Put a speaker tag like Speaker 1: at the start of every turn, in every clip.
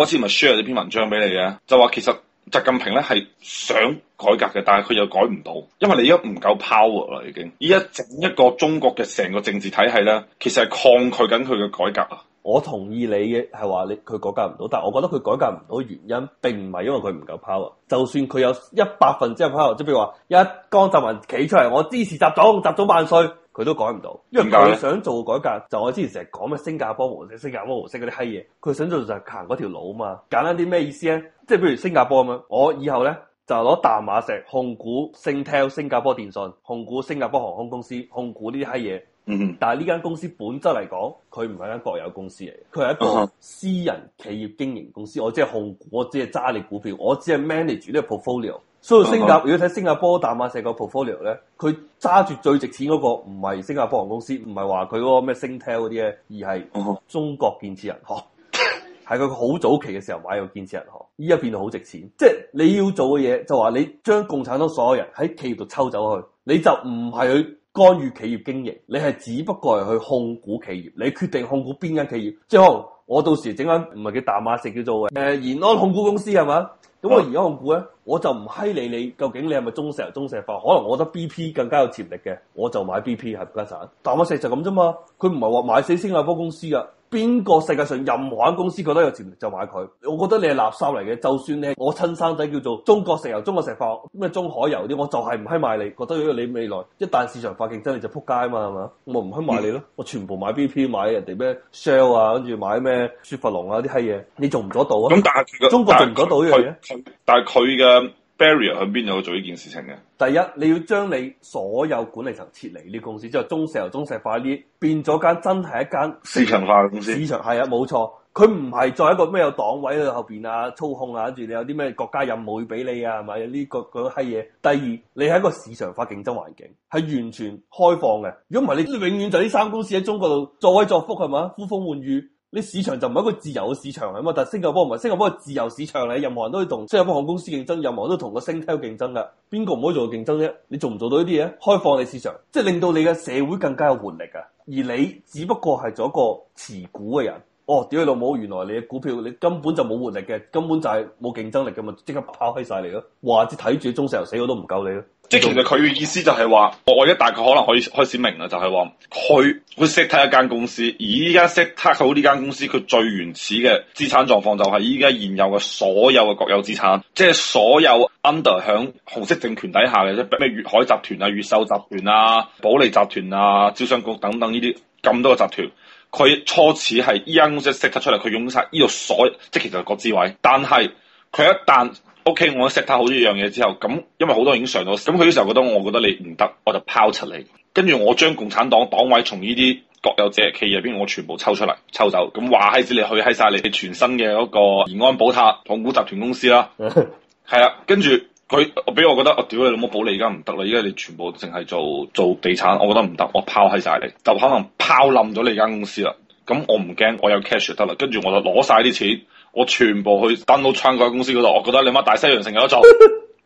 Speaker 1: 嗰次咪 share 呢篇文章俾你嘅，就話其實習近平咧，係想改革嘅，但係佢又改唔到，因為你而家唔夠 power 啦已經。而家整一個中國嘅成個政治體系咧，其實係抗拒緊佢嘅改革啊。
Speaker 2: 我同意你嘅係話你佢改革唔到，但係我覺得佢改革唔到嘅原因，並唔係因為佢唔夠 power。就算佢有一百分之 power，即譬如話一江澤民企出嚟，我支持習總，習總萬歲。佢都改唔到，因為佢想做改革，就我之前成日講嘅，新加坡模式，新加坡模式嗰啲閪嘢，佢想做就係行嗰條路啊嘛。簡單啲咩意思咧？即係譬如新加坡咁樣，我以後咧就攞淡馬錫控股 Singtel、新加坡電信、控股新加坡航空公司、控股呢啲閪嘢。但係呢間公司本質嚟講，佢唔係間國有公司嚟，佢係一個私人企業經營公司。我只係控股，我只係揸你股票，我只係 manage 呢個 portfolio。所以新加坡如果睇新加坡淡馬錫個 portfolio 咧，佢揸住最值錢嗰個唔係新加坡航空公司，唔係話佢嗰個咩 Singtel 嗰啲咧，而係中國建設銀行。係佢好早期嘅時候買個建設銀行，依家變到好值錢。即係你要做嘅嘢，就話、是、你將共產黨所有人喺企業度抽走去，你就唔係去干預企業經營，你係只不過係去控股企業，你決定控股邊間企業。即係我到時整間唔係叫淡馬錫，叫做誒延安控股公司係嘛？咁、嗯、我而家控股咧，我就唔閪理你究竟你係咪中石油、中石化，可能我覺得 BP 更加有潛力嘅，我就買 BP 係咪先。但我事實咁啫嘛，佢唔係話買死新加坡公司噶。邊個世界上任何一間公司，覺得有潛力就買佢。我覺得你係垃圾嚟嘅，就算咧，我親生仔叫做中國石油，中國石化，咩中海油啲，我就係唔閪買你。覺得因為你未來一旦市場化競爭力，你就扑街啊嘛，係嘛？我唔閪買你咯，我全部買 BP，買人哋咩 Shell 啊，跟住買咩雪佛龍啊啲閪嘢，你做唔到到啊？咁但係中國做唔到到呢樣嘢，嗯，
Speaker 1: 但係佢嘅。Barrier 喺邊度做呢件事情嘅？
Speaker 2: 第一，你要將你所有管理層撤離呢公司，之後中石油、中石化呢，變咗間真係一間市場化嘅公司。市場係啊，冇錯，佢唔係再一個咩有黨委喺後邊啊操控啊，跟住你有啲咩國家任務要俾你啊，係咪呢啲嗰嗰批嘢？第二，你係一個市場化競爭環境，係完全開放嘅。如果唔係，你永遠就呢三公司喺中國度作威作福，係嘛呼風喚雨。你市場就唔係一個自由嘅市場嚟啊嘛，但是新加坡唔係，新加坡係自由市場嚟，任何人都可以同新加坡航空公司競爭，任何人都同個升級競爭㗎，邊個唔可以做競爭啫？你做唔做到呢啲嘢？開放你市場，即令到你嘅社會更加有活力啊！而你只不過係做一個持股嘅人。哦，屌你老母！原來你嘅股票你根本就冇活力嘅，根本就係冇競爭力嘅嘛，即刻拋閪晒你咯！哇，即睇住中石油死我都唔夠你咯！
Speaker 1: 即其實佢嘅意思就係話，我我而家大概可能可以開始明啦，就係話佢會識睇一間公司，而依家識睇好呢間公司，佢最原始嘅資產狀況就係依家現有嘅所有嘅國有資產，即係所有 under 響紅色政權底下嘅，即咩粵海集團啊、越秀集團啊、保利集團啊、招商局等等呢啲咁多嘅集團。佢初始係呢間公司 set 出嚟，佢擁晒呢度所，即係其實係國資委。但係佢一旦 OK，我 set 好咗一樣嘢之後，咁因為好多人已經上咗，咁佢啲時候覺得我覺得你唔得，我就拋出嚟。跟住我將共產黨黨委從呢啲國有者企業入邊，我全部抽出嚟抽走，咁話係子你去喺晒你哋全新嘅嗰個延安寶塔控股集團公司啦，係啦， 跟住。佢，我俾我覺得，我、啊、屌你老母，保你而家唔得啦！而家你全部淨係做做地產，我覺得唔得，我拋閪晒你，就可能拋冧咗你間公司啦。咁我唔驚，我有 cash 得啦，跟住我就攞晒啲錢，我全部去 download trunk 間公司嗰度，我覺得你媽大西洋城有得做，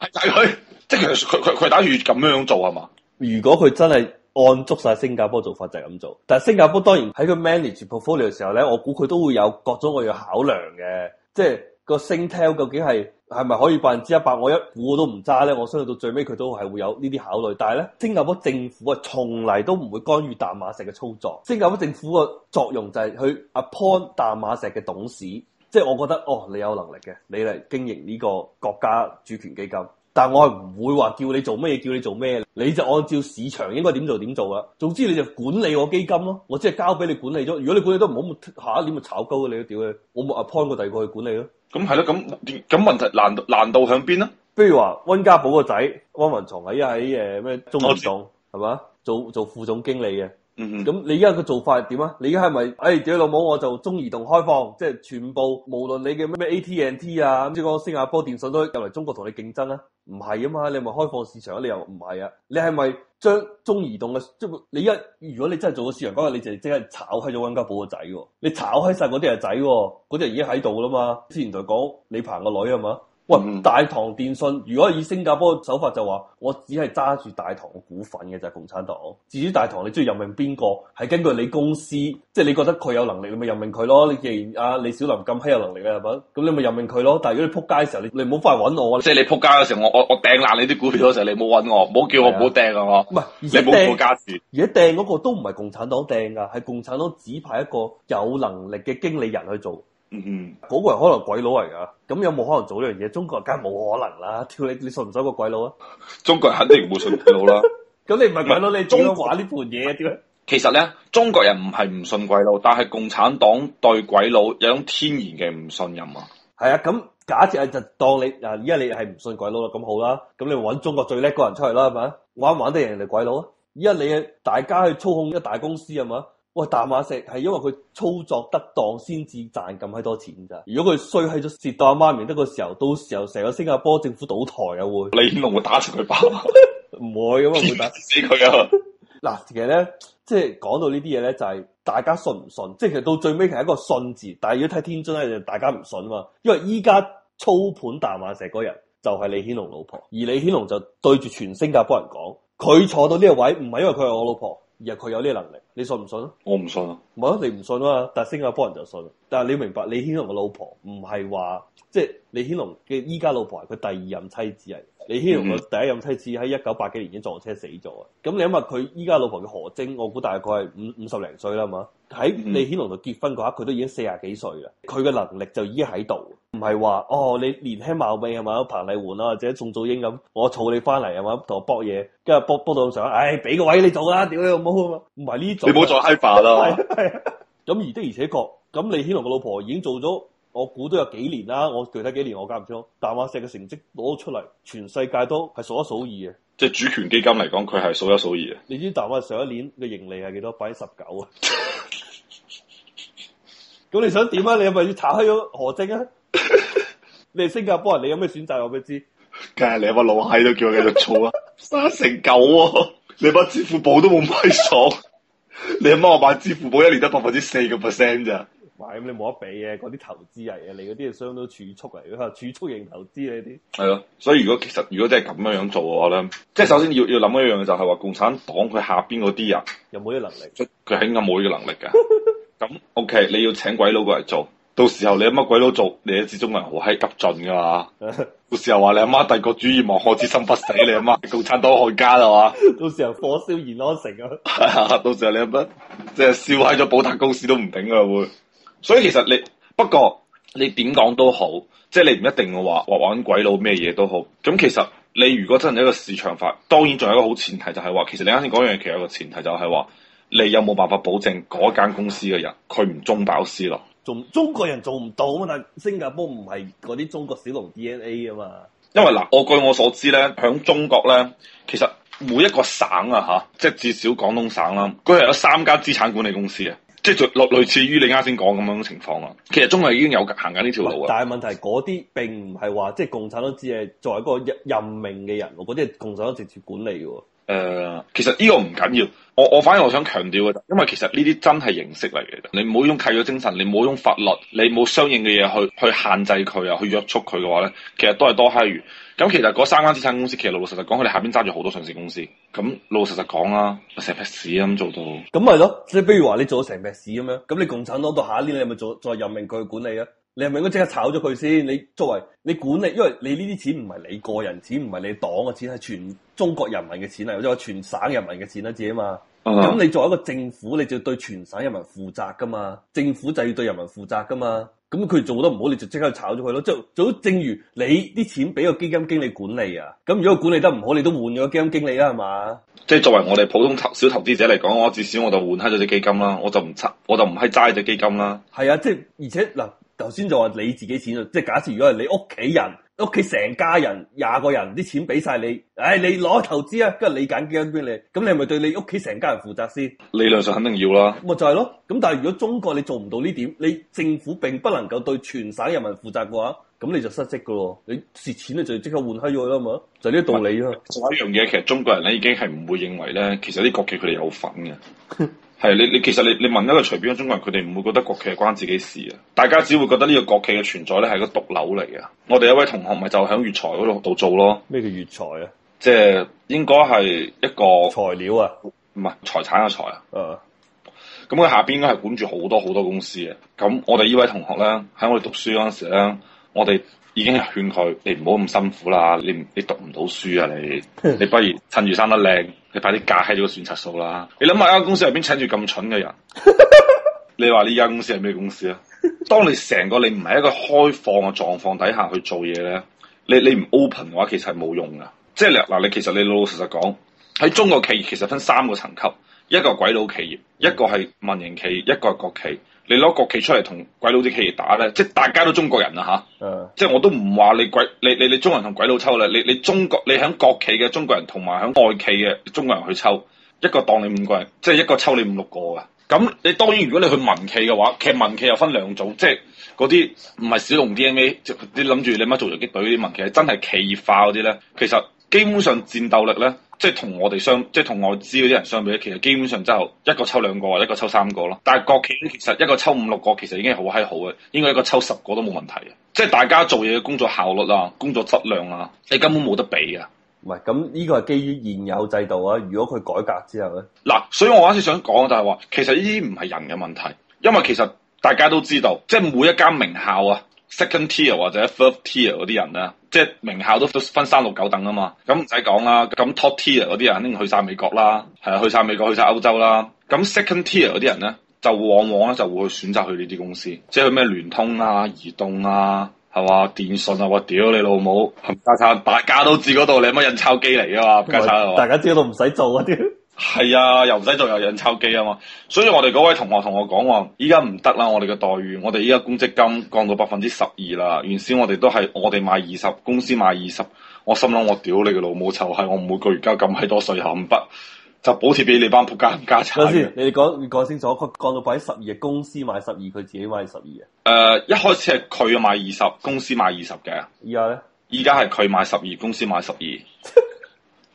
Speaker 1: 係佢， 即係佢佢佢打住咁樣做係嘛？
Speaker 2: 如果佢真係按足晒新加坡做法就係咁做，但係新加坡當然喺佢 manage portfolio 嘅時候咧，我估佢都會有各種我要考量嘅，即係。個 Singtel 究竟係係咪可以百分之一百我一股我都唔揸咧？我相信到最尾佢都係會有呢啲考慮。但係咧，新加坡政府啊，從嚟都唔會干預大馬石嘅操作。新加坡政府個作用就係去 appoint 大馬石嘅董事，即係我覺得哦，你有能力嘅，你嚟經營呢個國家主權基金。但我係唔會話叫你做咩叫你做咩，你就按照市場應該點做點做啊。總之你就管理我基金咯，我即係交俾你管理咗。如果你管理都唔好，下一年咪炒高你咯，屌你！我唔 appoint 個第二個去管理咯。咁係咯，咁
Speaker 1: 咁問題難難度喺邊呢？嗯、
Speaker 2: 比如話溫家寶個仔溫文松喺咩中移動係咪做做副總經理嘅。嗯，嗯，咁你而家嘅做法係點啊？你而家係咪，哎，屌老母我就中移動開放，即係全部無論你嘅咩 AT&T 啊，咁即係個新加坡電信都入嚟中國同你競爭啊？唔係啊嘛，你咪開放市場，啊，你又唔係啊？你係咪將中移動嘅即你一，如果你真係做咗市場，嗰個你就即係炒開咗溫家寶個仔嘅，啊，你炒開晒嗰啲係仔，啊，嗰啲已經喺度啦嘛。之前就講李鵬個女係嘛？喂，大唐電信，如果以新加坡嘅手法就話，我只係揸住大唐嘅股份嘅就係、是、共產黨。至於大唐，你中意任命邊個，係根據你公司，即、就、係、是、你覺得佢有能力，你咪任命佢咯。你既然阿李小琳咁希有能力嘅係咪？咁你咪任命佢咯。但係如果你撲街嘅時候，你你唔好返嚟揾我。即係
Speaker 1: 你撲街嘅時候，我我我掟爛你啲股票嗰時候，你唔好揾我，唔好叫我唔好掟啊我。唔係的，而家
Speaker 2: 掟嗰個都唔係共產黨掟㗎，係共產黨指派一個有能力嘅經理人去做。嗯嗯，嗰個人可能鬼佬嚟噶，咁有冇可能做呢樣嘢？中國人梗係冇可能啦，屌你你信
Speaker 1: 唔信個鬼佬啊？中國人肯定唔會信鬼佬啦。咁 你唔係鬼佬，你點樣玩呢盤嘢？點咧？其實咧，中國人唔係唔信鬼佬，但係共產黨對鬼佬有種天然嘅唔信任啊。
Speaker 2: 係啊，咁假設啊，就當你啊，而家你係唔信鬼佬啦，咁好啦，咁你搵中國最叻嗰人出嚟啦，係咪玩唔玩得人哋鬼佬啊？而家你大家去操控一大公司係嘛？喂！大馬石係因為佢操作得當先至賺咁閪多錢咋，如果佢衰喺咗蝕到阿媽咪，得個時候到時候成個新加坡政府倒台啊會李顯龍會打出佢爆，唔會咁啊會打死佢啊！嗱 的， 其實咧即係講到呢啲嘢咧，就係、是、大家信唔信？即係其實到最尾其實一個信字，但係如果睇天津咧，就大家唔信啊嘛。因為依家操盤大馬石嗰人就係李顯龍老婆，而李顯龍就對住全新加坡人講：佢坐到呢個位，唔係因為佢係我老婆。而佢有呢個能力，你信唔信？啊？我唔信啊，唔係啊，你唔信啊嘛，但係新加坡人就信。但係你要明白李顯龍嘅老婆唔係話，即係李顯龍嘅依家老婆係佢第二任妻子嚟。李顯龍個第一任妻子喺一九八幾年已經撞車死咗啊！咁你諗下佢依家老婆嘅何晶，我估大概係五五十零歲啦，係嘛？喺李顯龍度結婚嘅話，佢都已經四十幾歲啦。佢嘅能力就已經喺度，唔係話哦你年輕貌美係嘛彭麗媛啦或者宋祖英咁，我娶你翻嚟係嘛同我搏嘢，跟住搏搏到上唉俾個位你做啦，屌你老母啊嘛！唔係呢種，你冇再 high 化啦。咁 而的而且確，咁李顯龍個老婆已經做咗。我估都有幾年啦，我具體幾年我講唔出，淡馬錫嘅成績攞出嚟，全世界都係數一數二嘅。
Speaker 1: 即係主權基金嚟講，佢係數一數二嘅。
Speaker 2: 你知淡馬錫上一年嘅盈利係幾多？百分之十九啊！咁 你想點啊？你係咪要查開咗何晶啊？ 你係新加坡人，你有咩選擇我唔知。梗係 你把
Speaker 1: 老閪都叫我繼續做啊！三成九喎、啊，你把支付寶都冇買到， 你阿媽我買支付寶一年得百分之四個 percent 咋？
Speaker 2: 哇！咁你冇得比嘅，嗰啲投資啊，嚟嗰啲係相當於儲蓄嚟，佢係儲蓄型投資你啲。
Speaker 1: 係咯，所以如果其實如果真係咁樣樣做嘅話咧，即係首先要要諗一樣嘅就係、是、話共產黨佢下邊嗰啲人有冇呢能力？佢係應該冇呢個能力噶。咁 OK，你要請鬼佬過嚟做，到時候你阿媽鬼佬做，你始終係好閪急進噶嘛。 到時候話你阿媽帝國主義亡我之心不死， 你阿媽共產黨漢奸啦嘛。
Speaker 2: 到時候火燒延安，安，安城啊！
Speaker 1: 到時候你阿媽即係燒喺咗寶塔公司都唔頂啊會。所以其實你不過你點講都好，即係你唔一定話話玩鬼佬咩嘢都好。咁其實你如果真係一個市場化，當然仲有一個好前提就係話，其實你啱先講樣嘢，其實有一個前提就係話，你有冇辦法保證嗰間公司嘅人佢唔中飽私囊？做中國人做
Speaker 2: 唔到啊，但新加坡唔係嗰啲中國小龍 DNA 啊嘛。
Speaker 1: 因為嗱，我據我所知咧，響中國咧，其實每一個省啊嚇，即係至少廣東省啦、啊，佢係有三間資產管理公司啊。即係類似於你啱先講咁樣嘅情況啊，其實中國已經有行緊呢條路啊。但係
Speaker 2: 問題嗰啲並唔係話即係共產黨只係作為一個任命嘅人，嗰啲係共產黨直接管理嘅喎。
Speaker 1: 誒、呃，其實呢個唔緊要，我我反而我想強調嘅，因為其實呢啲真係形式嚟嘅，你唔好用契約精神，你唔好用法律，你冇相應嘅嘢去去限制佢啊，去約束佢嘅話咧，其實都係多嚿魚。咁其實嗰三間資產公司其實老老實實講，佢哋下邊揸住好多上市公司，咁老老實實講啊，成劈屎咁做到。
Speaker 2: 咁咪咯，即係比如話你做咗成劈屎咁樣，咁你共產黨到下一年你是是，你係咪做再任命佢管理啊？你係咪應該即刻炒咗佢先？你作為你管理，因為你呢啲錢唔係你個人錢，唔係你黨嘅錢，係全中國人民嘅錢啊，或者全省人民嘅錢啊，自己嘛。咁、uh huh. 你作為一個政府，你就對全省人民負責噶嘛？政府就要對人民負責噶嘛？咁佢做得唔好，你就即刻炒咗佢咯。就就好，正如你啲錢俾個基金經理管理啊，咁如果管理得唔好，你都換咗個基金經理啊，係嘛？
Speaker 1: 即係作為我哋普通投小投資者嚟講，我至少我就換開咗隻基金啦，我就唔拆，我就唔係齋隻基金啦。
Speaker 2: 係啊，即係而且嗱。頭先就話你自己錢啊，即係假設如果係你屋企人，屋企成家人廿個人啲錢俾晒你唉、哎，你攞投資啊，跟住你揀基金俾你，咁你係咪對你屋企成家人負責先？
Speaker 1: 理論上肯定要啦，
Speaker 2: 咪就係咯。咁但係如果中國你做唔到呢點，你政府並不能夠對全省人民負責嘅話，咁你就失職噶咯。你蝕錢你就即刻換閪咗啦嘛，就呢、是、個道理是啊。
Speaker 1: 仲有一樣嘢，其實中國人咧已經係唔會認為咧，其實啲國企佢哋有份嘅。 係你你其實你你問一個隨便嘅中國人，佢哋唔會覺得國企係關自己事啊？大家只會覺得呢個國企嘅存在咧係一個毒瘤嚟嘅。我哋一位同學咪就喺粵財嗰度度做咯。咩叫粵財啊？即係應該係一個材料啊，唔係財產嘅財啊。誒，咁佢下邊應該係管住好多好多公司嘅。咁我哋呢位同學咧，喺我哋讀書嗰陣時咧，我哋。已經係勸佢，你唔好咁辛苦啦，你你讀唔到書啊，你你不如趁住生得靚，你快啲嫁喺咗個選擇數啦。你諗下，間公司入邊請住咁蠢嘅人，你話呢間公司係咩公司啊？當你成個你唔係一個開放嘅狀況底下去做嘢咧，你你唔 open 嘅話，其實係冇用噶。即係嗱，你其實你老老實實講，喺中國企業其實分三個層級，一個鬼佬企業，一個係民營企業，一個係國企。你攞國企出嚟同鬼佬啲企業打咧，即係大家都中國人啦嚇，嗯、即係我都唔話你鬼你你你中國人同鬼佬抽啦，你你中國你喺國企嘅中國人同埋喺外企嘅中國人去抽，一個當你五個人，即係一個抽你五六個嘅。咁你當然如果你去民企嘅話，其實民企又分兩種，即係嗰啲唔係小龍 DNA，即你啲諗住你乜做遊擊隊嗰啲民企，真係企業化嗰啲咧，其實。基本上戰鬥力咧，即係同我哋相，即係同外資嗰啲人相比咧，其實基本上之後一個抽兩個，一個抽三個咯。但係國企其實一個抽五六個，其實已經好閪好嘅，應該一個抽十個都冇問題嘅。即係大家做嘢嘅工作效率啊，工作質量啊，你根本冇得比啊。
Speaker 2: 喂，係，咁呢個係基於現有制度啊。如果佢改革之後咧，
Speaker 1: 嗱，所以我啱先想講就係話，其實呢啲唔係人嘅問題，因為其實大家都知道，即係每一間名校啊。Second tier 或者 third tier 嗰啲人咧，即係名校都分三六九等啊嘛，咁唔使講啦。咁 top tier 嗰啲人一定去晒美國啦，係啊，去晒美國，去晒歐洲啦。咁 second tier 嗰啲人咧，就往往咧就會去選擇去呢啲公司，即係去咩聯通啊、移動啊，係哇、電信啊。我屌你老母，冚家鏟大家都知嗰度你有乜印鈔機嚟噶嘛，家產喂 大
Speaker 2: 家知道唔使做啊
Speaker 1: 係啊，又唔使做又印鈔機啊嘛！所以我哋嗰位同學同我講話，依家唔得啦！我哋嘅待遇，我哋依家公積金降到百分之十二啦。原先我哋都係我哋買二十，公司買二十。我心諗我屌你個老母臭閪，係我每個月交咁閪多稅，咸不就補貼俾你班仆街加差。等先，
Speaker 2: 你講講清楚，佢降到百分之十二嘅，公司買十二，佢自己買十
Speaker 1: 二啊。誒、呃，一開始係佢買二十，公司買二十嘅。依家咧？依家係佢買十二，公司買十二。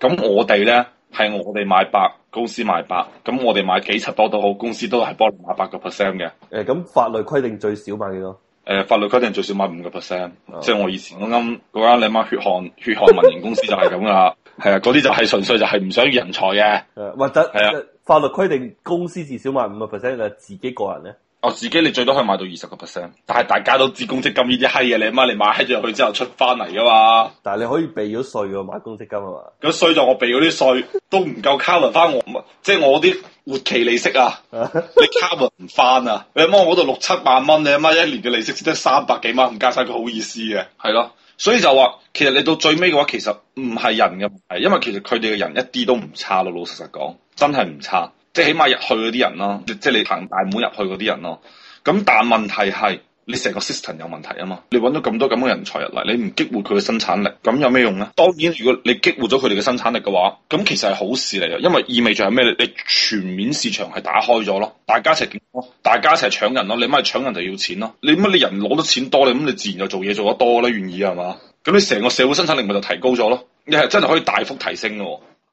Speaker 1: 咁 我哋咧？係我哋買百，公司買百，咁我哋買幾層多都好，公司都係幫你買百個 percent 嘅。
Speaker 2: 誒，咁、嗯、法律規定最少買幾多？
Speaker 1: 誒、呃，法律規定最少買五個 percent、哦、即係我以前我啱間你媽血汗血汗民營公司就係咁噶啦。係 啊，嗰啲就係純粹就係唔想人才嘅、啊，或者係啊。法律規定
Speaker 2: 公司至少買五個 percent，就係自己個人咧。
Speaker 1: 我自己你最多可以買到二十個 percent，但係大家都知公積金呢啲閪嘢，你阿媽你買咗入去之後出翻嚟噶嘛？
Speaker 2: 但係你可以避咗稅噶，買公
Speaker 1: 積金啊嘛。咁稅就我避咗啲稅都唔夠 cover 翻我， 即係我啲活期利息啊，你 cover 唔翻啊？你阿媽我度六七萬蚊，你阿媽一年嘅利息只得三百幾蚊，唔加晒佢好意思嘅。係咯，所以就話，其實你到最尾嘅話，其實唔係人嘅，係因為其實佢哋嘅人一啲都唔差，老老實實講，真係唔差。即係起碼入去嗰啲人咯，即係你行大門入去嗰啲人咯。咁但係問題係，你成個 system 有問題啊嘛。你揾到咁多咁嘅人才入嚟，你唔激活佢嘅生產力，咁有咩用咧？當然，如果你激活咗佢哋嘅生產力嘅話，咁其實係好事嚟嘅！因為意味着係咩？你全面市場係打開咗咯，大家一齊競爭，大家一齊搶人咯。你咪搶人就要錢咯？你乜你人攞得錢多，你咁你自然就做嘢做得多啦，願意係嘛？咁你成個社會生產力咪就提高咗咯？你係真係可以大幅提升咯。